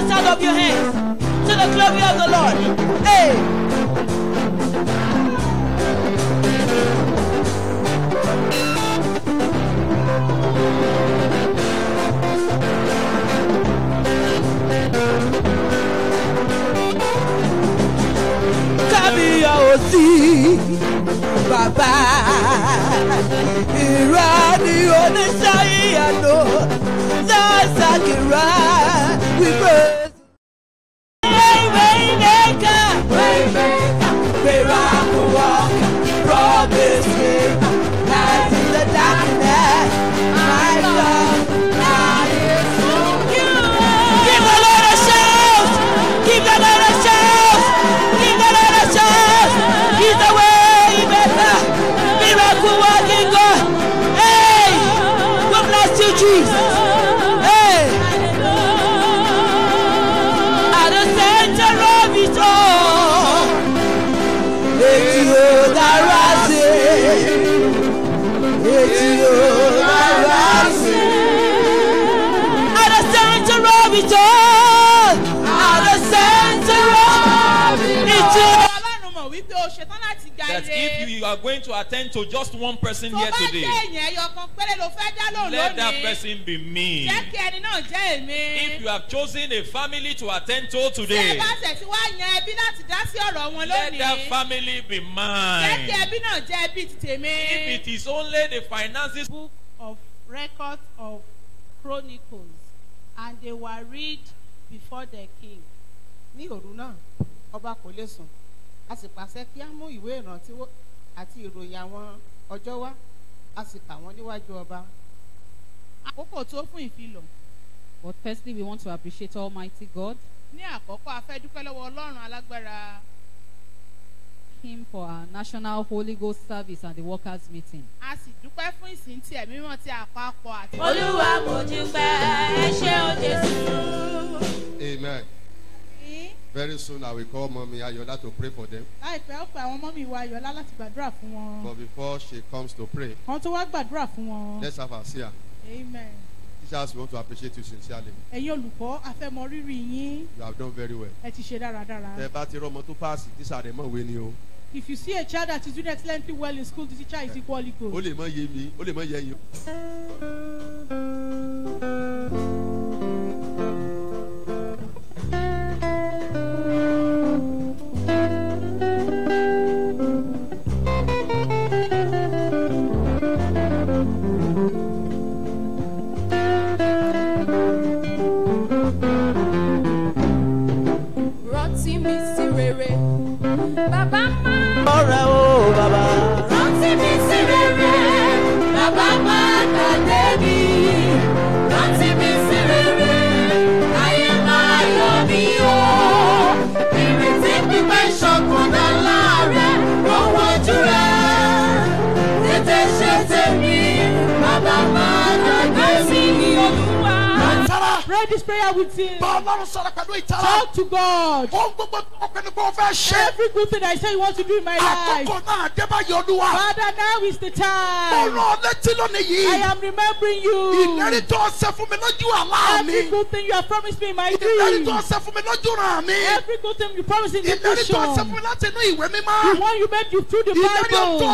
the sound of your hands to the glory of the Lord. Hey. Kábíyà ò bàbá irani ni ano, ìyàtọ̀ lọ́sàkìrọ̀. be at the center of it that if you are going to attend to just one person here today. let that person be me. if you have chosen a family to attend to today. let that family be mine. if it is only the finances. book of records of chronicles and they were read before the king. ní òru náà ọba kò lè sùn a sì pàṣẹ kí a mú ìwé ìrántí àti ìròyìn àwọn ọjọ́ wá a sì kà wọ́n níwájú ọba. àkókò tó fún ìfilọ̀. But firstly, we want to appreciate Almighty God. ní àkọ́kọ́ a fẹ́ dúpẹ́ lọ́wọ́ Ọlọ́run alágbára him for our national Holy Ghost service and the workers meeting. A sì dúpẹ́ fún ìsìn tí ẹ̀mí mọ̀ tí àpapọ̀ àti. Olúwa mo dúpẹ́ ẹ ṣé Amen. Very soon I will call Mommy Ayola to pray for them. Láìpẹ́ ó pe àwọn mọ́mí wa Ayola láti gbàdúrà fún wọn. But before she comes to pray. Kan tó wá gbàdúrà fún wọn. Let's have her see her. Amen. Teachers, we want to appreciate you sincerely. Ẹ̀yin olùkọ́, a rírì yín. You have done very well. Ẹ ti ṣe dáradára. Ẹ bá ti rọmọ tó páàsì, tíṣà rẹ̀ mọ̀ wé ni o. If you see a child that is doing excellently well in school, the teacher is equally good. Ó lè mọ yé mi, ó lè mọ yé yín. Baba, máa. ọ̀rẹ́ o bàbá. pray this prayer with him. Talk to God. Every good thing I say you want to do in my life. Father now is the time. I am remembering you. Every good thing you have promised me in my dream. Ìlérí tó ṣe fún mi lójú Every good thing you promised in the vision. The one you made you through the Bible. The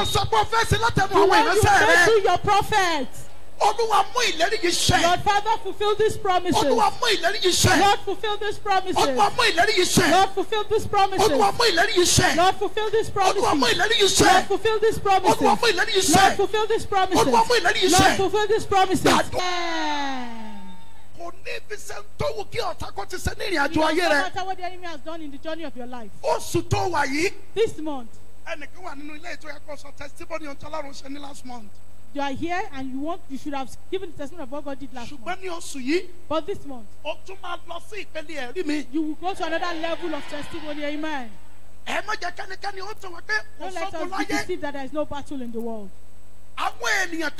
one you made through your prophets. Olúwa mú ìlérí yìí ṣẹ. Lord Father fulfil these promises. Olúwa mú ìlérí yìí ṣẹ. Lord fulfil these promises. Olúwa mú ìlérí yìí ṣẹ. Lord fulfil these promises. Olúwa mú ìlérí yìí ṣẹ. Lord fulfil these promises. Olúwa mú ìlérí yìí ṣẹ. Lord fulfil these promises. Olúwa mú ìlérí yìí ṣẹ. Lord fulfil these promises. Olúwa mú ìlérí yìí ṣẹ. Lord fulfil these promises. Kò ní fi ṣe ń tó kí ọ̀tá kò ti ṣe ní ìrìn àjò ayé rẹ. no matter what the enemy has done in the journey of your life. Oṣù tó wà yìí. This month. Ẹnìkan wà nínú ilé ìtura ẹ̀kọ́ sọ testimony ọ̀tọ́ lárùn ní last month you are here and you want you should have given the testimony of what God did last month. but this month. you will go to another level of testimony amen. don't let us be deceived that there is no battle in the world. there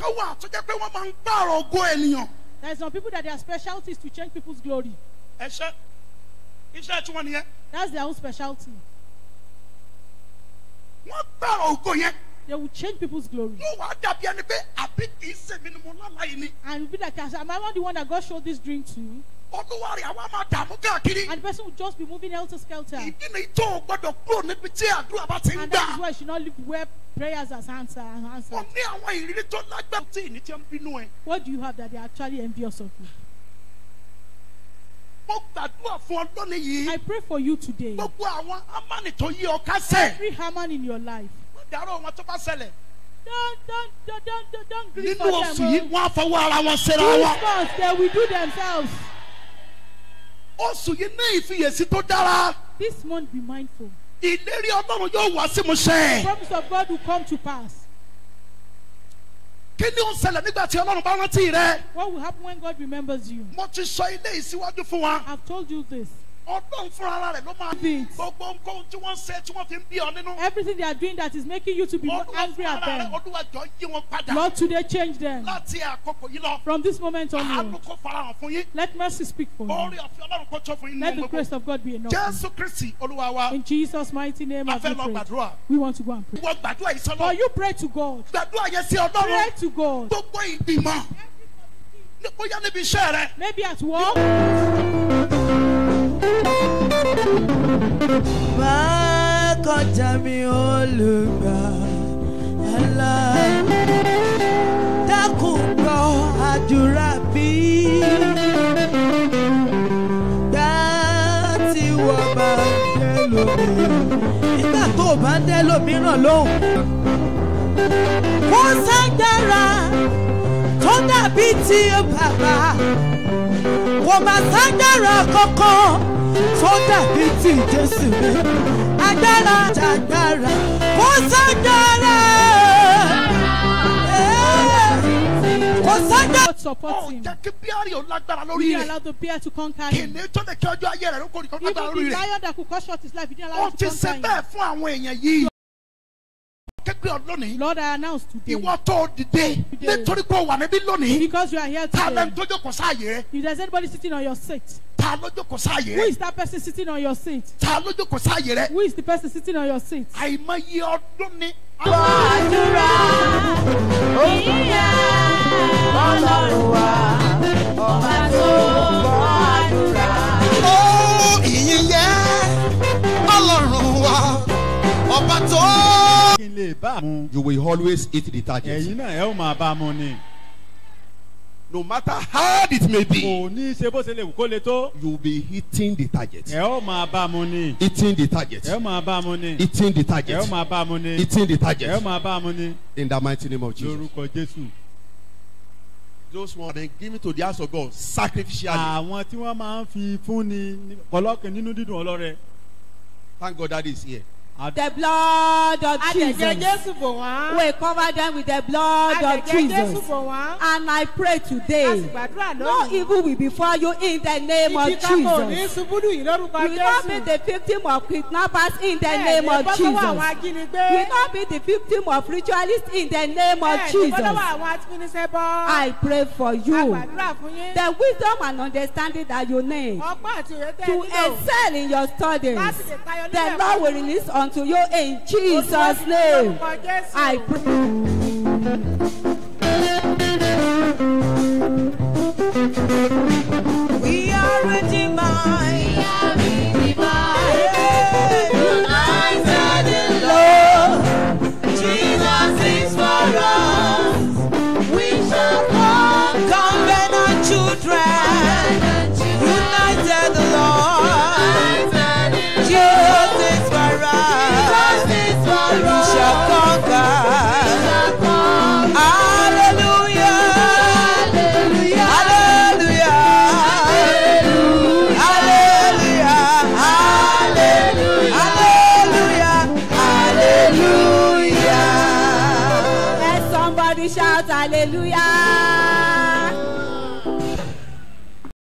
are some people that their specialty is to change people's glory. that's their own specialty. They will change people's glory. And be like, am I not the one that God showed this dream to? And the person will just be moving helter skelter. And that is why you should not live where prayers as answer answer. What do you have that they are actually envious of you? I pray for you today. every hammer in your life ìdárò wọn tó bá ṣẹlẹ̀. Don't, don't, don't, don't, don't, grieve for them. Nínú oṣù yìí, wọ́n á ara wọn ṣera wọn. will do themselves. Oṣù yìí ní ìfiyèsí tó dára. This month be mindful. Ìlérí Ọlọ́run yóò wá sí mu ṣẹ. The promise of God will come to pass. Kí ni ó ń ṣẹlẹ̀ nígbà tí Ọlọ́run bá rántí rẹ? What will happen when God remembers you? Mo ti sọ ilé ìsíwájú fún wa. I've told you this ọlọ́run fúnra rẹ̀ ló máa bí gbogbo nǹkan tí wọ́n ṣe tí wọ́n fi ń bí ọ nínú. everything they are doing that is making you to be more angry at them. olúwa jọ yí wọn padà. lord today change them. láti àkókò yìí lọ. from this moment on. àánú farahàn fún yín. let mercy speak for you. orí ọ̀fẹ́ ọlọ́run kò jọ fún yín. let the grace of God be enough. jésù kristi olúwa wa. in jesus mighty name i pray. a we want to go and pray. wọ́n gbàdúrà yìí sọ́nà. for you pray to God. gbàdúrà yẹn sí ọlọ́run. pray to God. gbogbo ìgbìmọ̀ bóyá níbi iṣẹ́ rẹ. maybe at work. Má kọjá mi olùgbà àlá. Dákun gbọ́ àdúrà bí. Gbá tí wọ́n bá dé lómi. Nígbà tó o bá dé lómìíràn lóhùn. Wọ́n sá tó dàbí ti bàbá. Wọ́n máa sá agbára kankan tó dàbí ti Jésù rẹ agbára tàgbára kò ságbára. kò Oh, jẹ́ kí bíárì ò lágbára lórí rẹ̀. We allow the bear to conquer him. Kìnìún tó lè the lion that could cut short his life, he didn't allow him to conquer him jẹ́ pé Lord, I announce today. Ìwọ tó today? nítorí pé o wà níbí lónìí. Because you are here today. Ta lẹ́nu tó jókòó sáàyè rẹ? If there is anybody sitting on your seat. Ta ló jókòó sáàyè Who is that person sitting on your seat? Ta ló jókòó sáàyè rẹ? Who is the person sitting on your seat? Àìmọye ọdún ni. Gbàdúrà ìyá ọlọ́run wa ọba tó gbàdúrà. Ó ìyìn yẹ́ ọlọ́run wa ọba tó. Mm. you will always eat the target. ẹ̀yin náà ẹ ó máa bá a mu ni. no matter how hard it may be. kò ní í ṣe bó ṣe lè kó le tó. you will be eating the target. ẹ ó máa bá a mu ni. eating the target. ẹ ó máa bá a mu ni. eating the target. ẹ ó máa bá a mu ni. eating the target. ẹ ó máa bá a mu ni. in the mighty name of Jesus. lórúkọ jésù those ones then give me to the house of God sacrificially. àwọn tí wọ́n máa ń fi fún ni ọlọ́kẹ́ nínú dídùn ọlọ́rẹ. thank God that is here the blood of Jesus. We cover them with the blood of Jesus. And I pray today, no evil will befall you in the name of Jesus. We will not be the victim of kidnappers in the name of Jesus. We will not be the victim of ritualists in the name of Jesus. I pray for you. The wisdom and understanding that you need to excel in your studies. The Lord will release on to you in Jesus' name. I pray.